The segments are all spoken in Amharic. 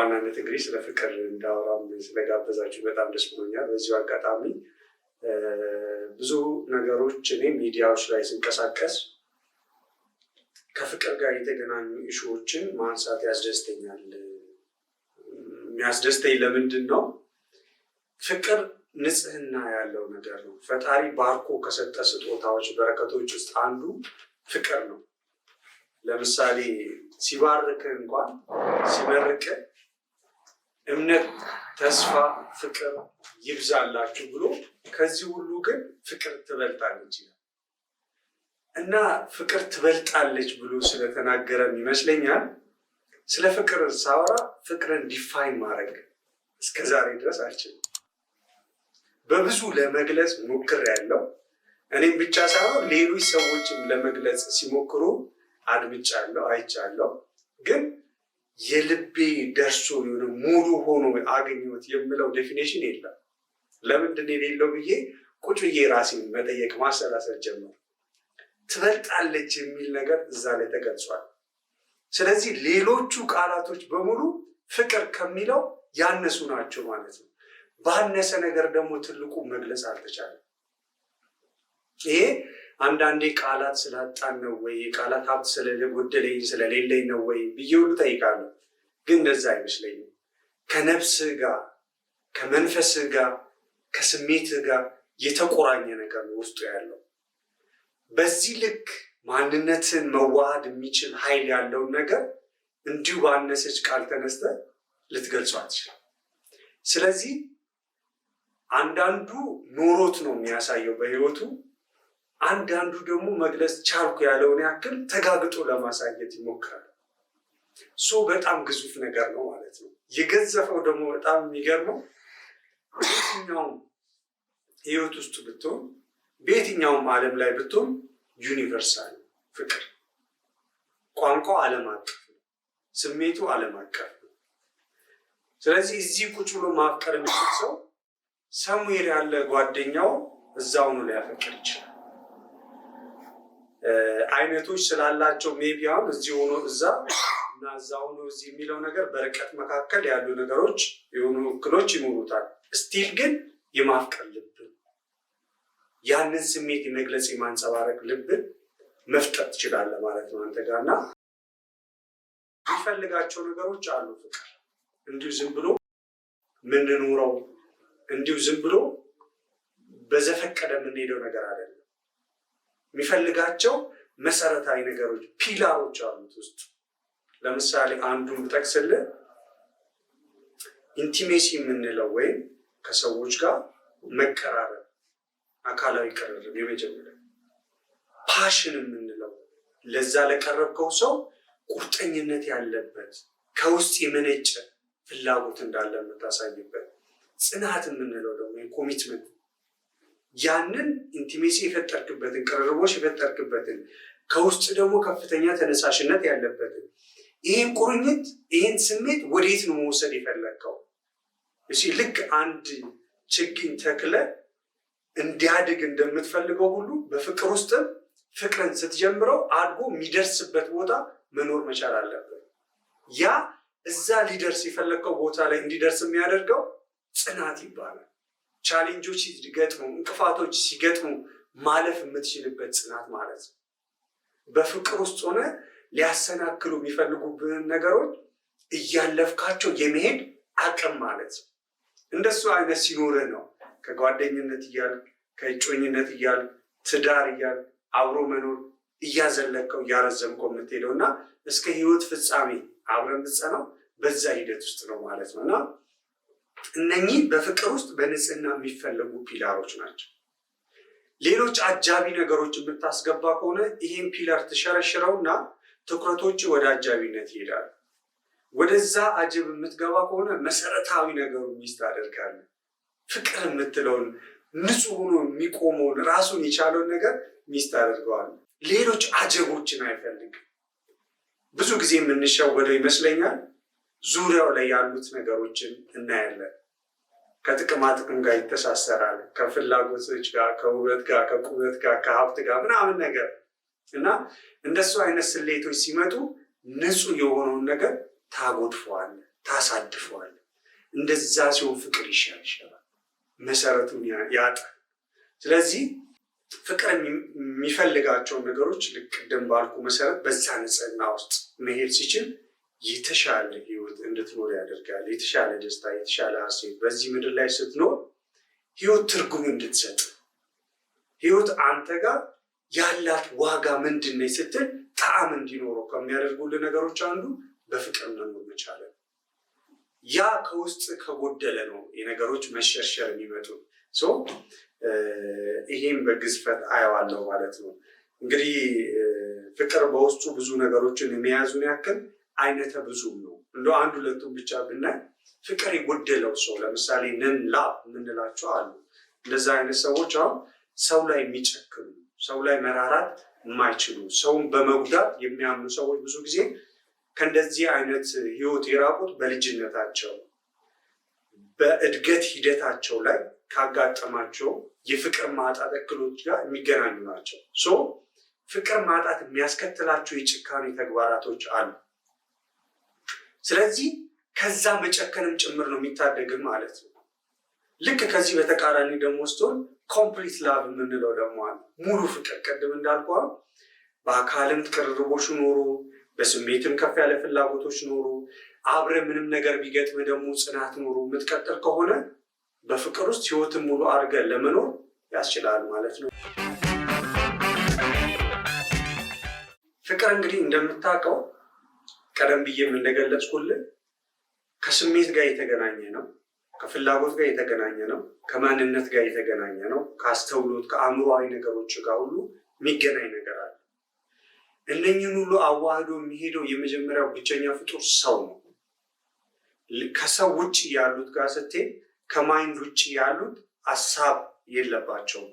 በዋናነት እንግዲህ ስለ ፍቅር እንዳወራም ስለጋበዛችሁ በጣም ደስ ብሎኛል። በዚሁ አጋጣሚ ብዙ ነገሮች እኔ ሚዲያዎች ላይ ስንቀሳቀስ ከፍቅር ጋር የተገናኙ እሹዎችን ማንሳት ያስደስተኛል። የሚያስደስተኝ ለምንድን ነው? ፍቅር ንጽህና ያለው ነገር ነው። ፈጣሪ ባርኮ ከሰጠ ስጦታዎች በረከቶች ውስጥ አንዱ ፍቅር ነው። ለምሳሌ ሲባርክ እንኳን ሲመርቅ እምነት፣ ተስፋ፣ ፍቅር ይብዛላችሁ ብሎ ከዚህ ሁሉ ግን ፍቅር ትበልጣለች ይላል እና ፍቅር ትበልጣለች ብሎ ስለተናገረም ይመስለኛል ስለ ፍቅር ሳወራ ፍቅርን ዲፋይን ማድረግ እስከ ዛሬ ድረስ አልችልም። በብዙ ለመግለጽ ሞክር ያለው እኔም ብቻ ሳይሆን ሌሎች ሰዎችም ለመግለጽ ሲሞክሩ አድምጫለሁ፣ አይቻለሁ ግን የልቤ ደርሶ የሆነ ሙሉ ሆኖ አገኘሁት የምለው ዴፊኔሽን የለም። ለምንድን የሌለው ብዬ ቁጭ ብዬ ራሴን መጠየቅ ማሰላሰል ጀመር። ትበልጣለች የሚል ነገር እዛ ላይ ተገልጿል። ስለዚህ ሌሎቹ ቃላቶች በሙሉ ፍቅር ከሚለው ያነሱ ናቸው ማለት ነው። ባነሰ ነገር ደግሞ ትልቁ መግለጽ አልተቻለም። ይሄ አንዳንዴ ቃላት ስላጣን ነው ወይ የቃላት ሀብት ስለጎደለኝ ስለሌለኝ ነው ወይ ብዬ ሁሉ ጠይቃለሁ። ግን እንደዛ አይመስለኝም። ከነፍስህ ጋር ከመንፈስህ ጋር ከስሜትህ ጋር የተቆራኘ ነገር ነው ውስጡ ያለው። በዚህ ልክ ማንነትን መዋሃድ የሚችል ኃይል ያለውን ነገር እንዲሁ ባነሰች ቃል ተነስተ ልትገልጹ አትችልም። ስለዚህ አንዳንዱ ኖሮት ነው የሚያሳየው በህይወቱ አንዳንዱ ደግሞ መግለጽ ቻልኩ ያለውን ያክል ተጋግጦ ለማሳየት ይሞክራል። ሶ በጣም ግዙፍ ነገር ነው ማለት ነው። የገዘፈው ደግሞ በጣም የሚገርመው በየትኛውም ህይወት ውስጥ ብትሆን፣ በየትኛውም ዓለም ላይ ብትሆን ዩኒቨርሳል ፍቅር ቋንቋው ዓለም አቀፍ ነው። ስሜቱ ዓለም አቀፍ ነው። ስለዚህ እዚህ ቁጭ ብሎ ማፍቀር የሚችል ሰው ሰሙዌር ያለ ጓደኛው እዛውኑ ሊያፈቅር ይችላል። አይነቶች ስላላቸው ሜቢ አሁን እዚህ ሆኖ እዛ እና እዛ ሆኖ እዚህ የሚለው ነገር በርቀት መካከል ያሉ ነገሮች የሆኑ እክሎች ይኖሩታል። ስቲል ግን የማፍቀር ልብን ያንን ስሜት የመግለጽ የማንጸባረቅ ልብን መፍጠር ትችላለ ማለት ነው አንተ ጋር እና የሚፈልጋቸው ነገሮች አሉ። ፍቅር እንዲሁ ዝም ብሎ ምንኖረው እንዲሁ ዝም ብሎ በዘፈቀደ የምንሄደው ነገር አለ የሚፈልጋቸው መሰረታዊ ነገሮች ፒላሮች አሉት ውስጥ ለምሳሌ አንዱን ብጠቅስልህ ኢንቲሜሲ የምንለው ወይም ከሰዎች ጋር መቀራረብ፣ አካላዊ ቅርርብ የመጀመሪያ። ፓሽን የምንለው ለዛ ለቀረብከው ሰው ቁርጠኝነት ያለበት ከውስጥ የመነጨ ፍላጎት እንዳለ የምታሳይበት። ጽናት የምንለው ደግሞ የኮሚትመንት ያንን ኢንቲሜሲ የፈጠርክበትን ቅርርቦች የፈጠርክበትን ከውስጥ ደግሞ ከፍተኛ ተነሳሽነት ያለበትን ይህን ቁርኝት ይህን ስሜት ወዴት ነው መውሰድ የፈለግከው? ልክ አንድ ችግኝ ተክለ እንዲያድግ እንደምትፈልገው ሁሉ በፍቅር ውስጥም ፍቅርን ስትጀምረው አድጎ የሚደርስበት ቦታ መኖር መቻል አለበት። ያ እዛ ሊደርስ የፈለግከው ቦታ ላይ እንዲደርስ የሚያደርገው ጽናት ይባላል። ቻሌንጆች ሲገጥሙ፣ እንቅፋቶች ሲገጥሙ ማለፍ የምትችልበት ጽናት ማለት ነው። በፍቅር ውስጥ ሆነ ሊያሰናክሉ የሚፈልጉብን ነገሮች እያለፍካቸው የመሄድ አቅም ማለት ነው። እንደሱ አይነት ሲኖርህ ነው ከጓደኝነት እያል ከእጮኝነት እያል ትዳር እያል አብሮ መኖር እያዘለከው እያረዘምከው የምትሄደው እና እስከ ህይወት ፍጻሜ አብረን ነው በዛ ሂደት ውስጥ ነው ማለት ነው እና እነኚህ በፍቅር ውስጥ በንጽህና የሚፈለጉ ፒላሮች ናቸው። ሌሎች አጃቢ ነገሮች የምታስገባ ከሆነ ይህን ፒላር ትሸረሽረውና ትኩረቶች ወደ አጃቢነት ይሄዳሉ። ወደዛ አጀብ የምትገባ ከሆነ መሰረታዊ ነገሩ ሚስ ታደርጋለህ። ፍቅር የምትለውን ንጹህ ሆኖ የሚቆመውን ራሱን የቻለውን ነገር ሚስ ታደርገዋለህ። ሌሎች አጀቦችን አይፈልግም። ብዙ ጊዜ የምንሸወደው ይመስለኛል ዙሪያው ላይ ያሉት ነገሮችን እናያለን። ከጥቅማ ጥቅም ጋር ይተሳሰራል፣ ከፍላጎቶች ጋር፣ ከውበት ጋር፣ ከቁመት ጋር፣ ከሀብት ጋር ምናምን ነገር እና እንደሱ አይነት ስሌቶች ሲመጡ ንጹህ የሆነውን ነገር ታጎድፈዋል፣ ታሳድፈዋል። እንደዛ ሲሆን ፍቅር ይሸረሸራል፣ መሰረቱን ያጣል። ስለዚህ ፍቅር የሚፈልጋቸውን ነገሮች ልክ ቅድም ባልኩ መሰረት በዛ ንጽህና ውስጥ መሄድ ሲችል የተሻለ ህይወት እንድትኖር ያደርጋል። የተሻለ ደስታ፣ የተሻለ ሀሴት በዚህ ምድር ላይ ስትኖር ህይወት ትርጉም እንድትሰጥ ህይወት አንተ ጋር ያላት ዋጋ ምንድን ነው ስትል ጣዕም እንዲኖረው ከሚያደርጉልን ነገሮች አንዱ በፍቅር መኖር መቻለ። ያ ከውስጥ ከጎደለ ነው የነገሮች መሸርሸር የሚመጡ ይሄም በግዝፈት አየዋለሁ ማለት ነው። እንግዲህ ፍቅር በውስጡ ብዙ ነገሮችን የመያዙን ያክል አይነተ ብዙ ነው። እንደ አንድ ሁለቱን ብቻ ብናይ ፍቅር የጎደለው ሰው ለምሳሌ ነን ላ የምንላቸው አሉ። እንደዛ አይነት ሰዎች አሁን ሰው ላይ የሚጨክኑ ሰው ላይ መራራት የማይችሉ ሰውን በመጉዳት የሚያምኑ ሰዎች ብዙ ጊዜ ከእንደዚህ አይነት ህይወት የራቁት በልጅነታቸው በእድገት ሂደታቸው ላይ ካጋጠማቸው የፍቅር ማጣት እክሎች ጋር የሚገናኙ ናቸው። ሶ ፍቅር ማጣት የሚያስከትላቸው የጭካኔ ተግባራቶች አሉ። ስለዚህ ከዛ መጨከንም ጭምር ነው የሚታደግ ማለት ነው። ልክ ከዚህ በተቃራኒ ደግሞ ስትሆን ኮምፕሊት ላቭ የምንለው ደግሞ አለ። ሙሉ ፍቅር ቅድም እንዳልኳ በአካልም ቅርርቦች ኖሩ፣ በስሜትም ከፍ ያለ ፍላጎቶች ኖሩ፣ አብረ ምንም ነገር ቢገጥም ደግሞ ጽናት ኖሩ የምትቀጥል ከሆነ በፍቅር ውስጥ ህይወትን ሙሉ አድርገን ለመኖር ያስችላል ማለት ነው። ፍቅር እንግዲህ እንደምታውቀው ቀደም ብዬም እንደገለጽኩልን ከስሜት ጋር የተገናኘ ነው፣ ከፍላጎት ጋር የተገናኘ ነው፣ ከማንነት ጋር የተገናኘ ነው፣ ከአስተውሎት ከአእምሮዊ ነገሮች ጋር ሁሉ የሚገናኝ ነገር አለ። እነኝህን ሁሉ አዋህዶ የሚሄደው የመጀመሪያው ብቸኛ ፍጡር ሰው ነው። ከሰው ውጭ ያሉት ጋር ስትሄድ ከማይንድ ውጭ ያሉት ሀሳብ የለባቸውም።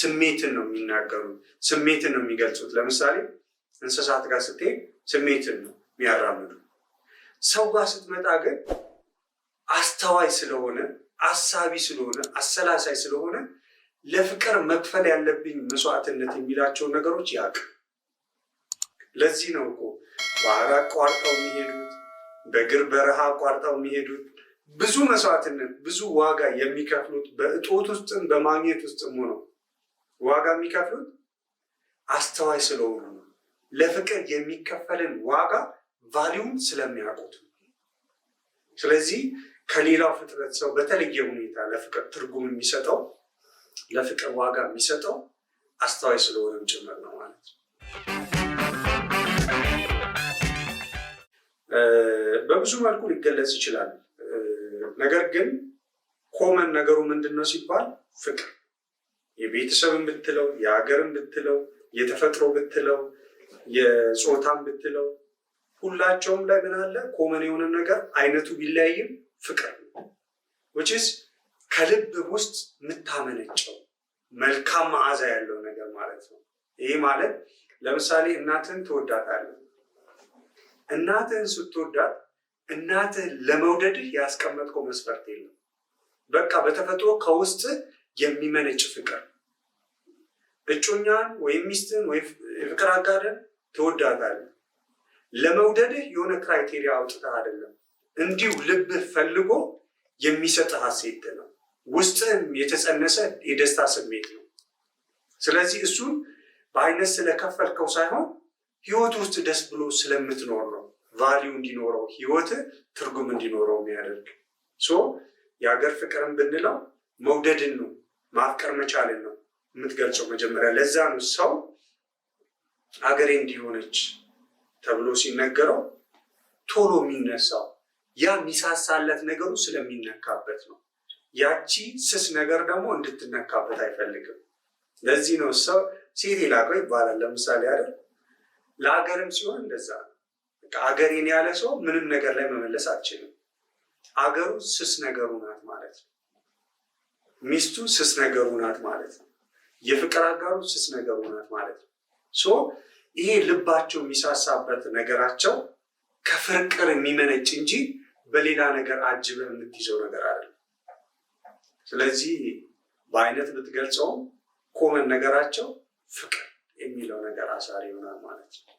ስሜትን ነው የሚናገሩት፣ ስሜትን ነው የሚገልጹት። ለምሳሌ እንስሳት ጋር ስትሄድ ስሜትን ነው የሚያራምዱ ሰው ጋር ስትመጣ ግን አስተዋይ ስለሆነ አሳቢ ስለሆነ አሰላሳይ ስለሆነ ለፍቅር መክፈል ያለብኝ መስዋዕትነት የሚላቸውን ነገሮች ያቅ ለዚህ ነው እኮ ባህር አቋርጠው የሚሄዱት በእግር በረሃ አቋርጠው የሚሄዱት ብዙ መስዋዕትነት ብዙ ዋጋ የሚከፍሉት በእጦት ውስጥም በማግኘት ውስጥም ሆነው ዋጋ የሚከፍሉት አስተዋይ ስለሆኑ ነው። ለፍቅር የሚከፈልን ዋጋ ቫሊዩም ስለሚያውቁት። ስለዚህ ከሌላው ፍጥረት ሰው በተለየ ሁኔታ ለፍቅር ትርጉም የሚሰጠው ለፍቅር ዋጋ የሚሰጠው አስተዋይ ስለሆነም ጭምር ነው ማለት ነው። በብዙ መልኩ ሊገለጽ ይችላል። ነገር ግን ኮመን ነገሩ ምንድን ነው ሲባል ፍቅር የቤተሰብን ብትለው፣ የሀገርን ብትለው፣ የተፈጥሮ ብትለው፣ የጾታን ብትለው ሁላቸውም ላይ ምን አለ ኮመን የሆነ ነገር አይነቱ ቢለያይም ፍቅር ነው። ዊችስ ከልብ ውስጥ የምታመነጨው መልካም መዓዛ ያለው ነገር ማለት ነው። ይህ ማለት ለምሳሌ እናትህን ትወዳታለህ። እናትህን ስትወዳት እናትህን ለመውደድህ ያስቀመጥከው መስፈርት የለም። በቃ በተፈጥሮ ከውስጥ የሚመነጭ ፍቅር እጮኛን ወይም ሚስትን ወይ ፍቅር አጋርን ትወዳታለህ ለመውደድህ የሆነ ክራይቴሪያ አውጥተህ አይደለም፣ እንዲሁ ልብህ ፈልጎ የሚሰጥህ ሀሴት ነው። ውስጥህም የተጸነሰ የደስታ ስሜት ነው። ስለዚህ እሱን በአይነት ስለከፈልከው ሳይሆን ህይወት ውስጥ ደስ ብሎ ስለምትኖር ነው። ቫሊው እንዲኖረው ህይወት ትርጉም እንዲኖረው የሚያደርግ ሶ የሀገር ፍቅርን ብንለው መውደድን ነው ማፍቀር መቻልን ነው የምትገልጸው መጀመሪያ። ለዛ ነው ሰው ሀገሬ እንዲሆነች ተብሎ ሲነገረው ቶሎ የሚነሳው ያ የሚሳሳለት ነገሩ ስለሚነካበት ነው። ያቺ ስስ ነገር ደግሞ እንድትነካበት አይፈልግም። ለዚህ ነው ሰው ሴት ላቀው ይባላል። ለምሳሌ አይደል ለአገርም ሲሆን እንደዛ ነው። አገሬን ያለ ሰው ምንም ነገር ላይ መመለስ አችልም። አገሩ ስስ ነገሩ ናት ማለት ነው። ሚስቱ ስስ ነገሩ ናት ማለት ነው። የፍቅር አጋሩ ስስ ነገሩ ናት ማለት ነው። ይሄ ልባቸው የሚሳሳበት ነገራቸው ከፍርቅር የሚመነጭ እንጂ በሌላ ነገር አጅበ የምትይዘው ነገር አይደለም። ስለዚህ በአይነት ብትገልጸውም ኮመን ነገራቸው ፍቅር የሚለው ነገር አሳሪ ይሆናል ማለት ነው።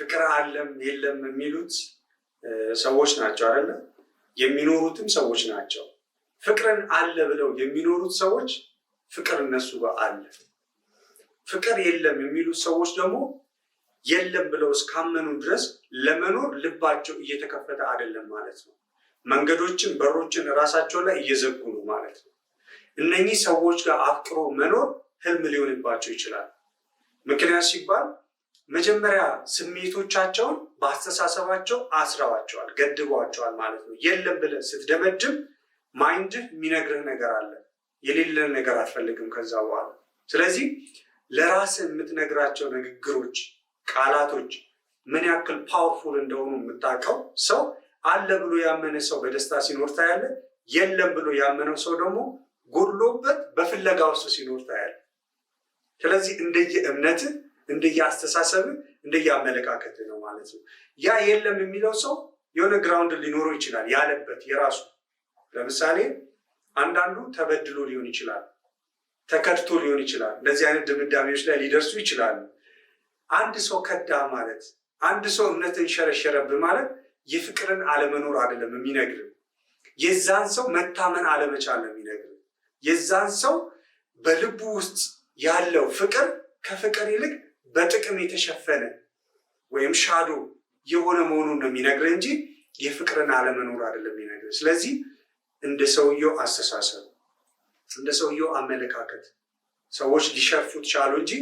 ፍቅር አለም የለም የሚሉት ሰዎች ናቸው አይደለም? የሚኖሩትም ሰዎች ናቸው። ፍቅርን አለ ብለው የሚኖሩት ሰዎች ፍቅር እነሱ ጋር አለ። ፍቅር የለም የሚሉት ሰዎች ደግሞ የለም ብለው እስካመኑ ድረስ ለመኖር ልባቸው እየተከፈተ አይደለም ማለት ነው። መንገዶችን በሮችን እራሳቸው ላይ እየዘጉ ነው ማለት ነው። እነኚህ ሰዎች ጋር አፍቅሮ መኖር ህልም ሊሆንባቸው ይችላል። ምክንያት ሲባል መጀመሪያ ስሜቶቻቸውን በአስተሳሰባቸው አስረዋቸዋል፣ ገድበዋቸዋል ማለት ነው። የለም ብለህ ስትደመድም ማይንድህ የሚነግርህ ነገር አለ የሌለ ነገር አትፈልግም ከዛ በኋላ። ስለዚህ ለራስ የምትነግራቸው ንግግሮች፣ ቃላቶች ምን ያክል ፓወርፉል እንደሆኑ የምታውቀው ሰው አለ ብሎ ያመነ ሰው በደስታ ሲኖር ታያለ። የለም ብሎ ያመነው ሰው ደግሞ ጎድሎበት በፍለጋ ውስጥ ሲኖር ታያለ። ስለዚህ እንደየ እንደየአስተሳሰብ እንደየ ነው ማለት ነው። ያ የለም የሚለው ሰው የሆነ ግራውንድ ሊኖረው ይችላል ያለበት የራሱ ለምሳሌ አንዳንዱ ተበድሎ ሊሆን ይችላል፣ ተከድቶ ሊሆን ይችላል። እንደዚህ አይነት ድምዳሜዎች ላይ ሊደርሱ ይችላሉ። አንድ ሰው ከዳ ማለት አንድ ሰው እምነትን ሸረሸረብ ማለት የፍቅርን አለመኖር አይደለም የሚነግር። የዛን ሰው መታመን አለመቻል ነው የሚነግርን። የዛን ሰው በልቡ ውስጥ ያለው ፍቅር ከፍቅር ይልቅ በጥቅም የተሸፈነ ወይም ሻዶ የሆነ መሆኑን ነው የሚነግር እንጂ የፍቅርን አለመኖር አይደለም የሚነግር። ስለዚህ እንደ ሰውየው አስተሳሰብ፣ እንደ ሰውየው አመለካከት ሰዎች ሊሸርፉት ቻሉ እንጂ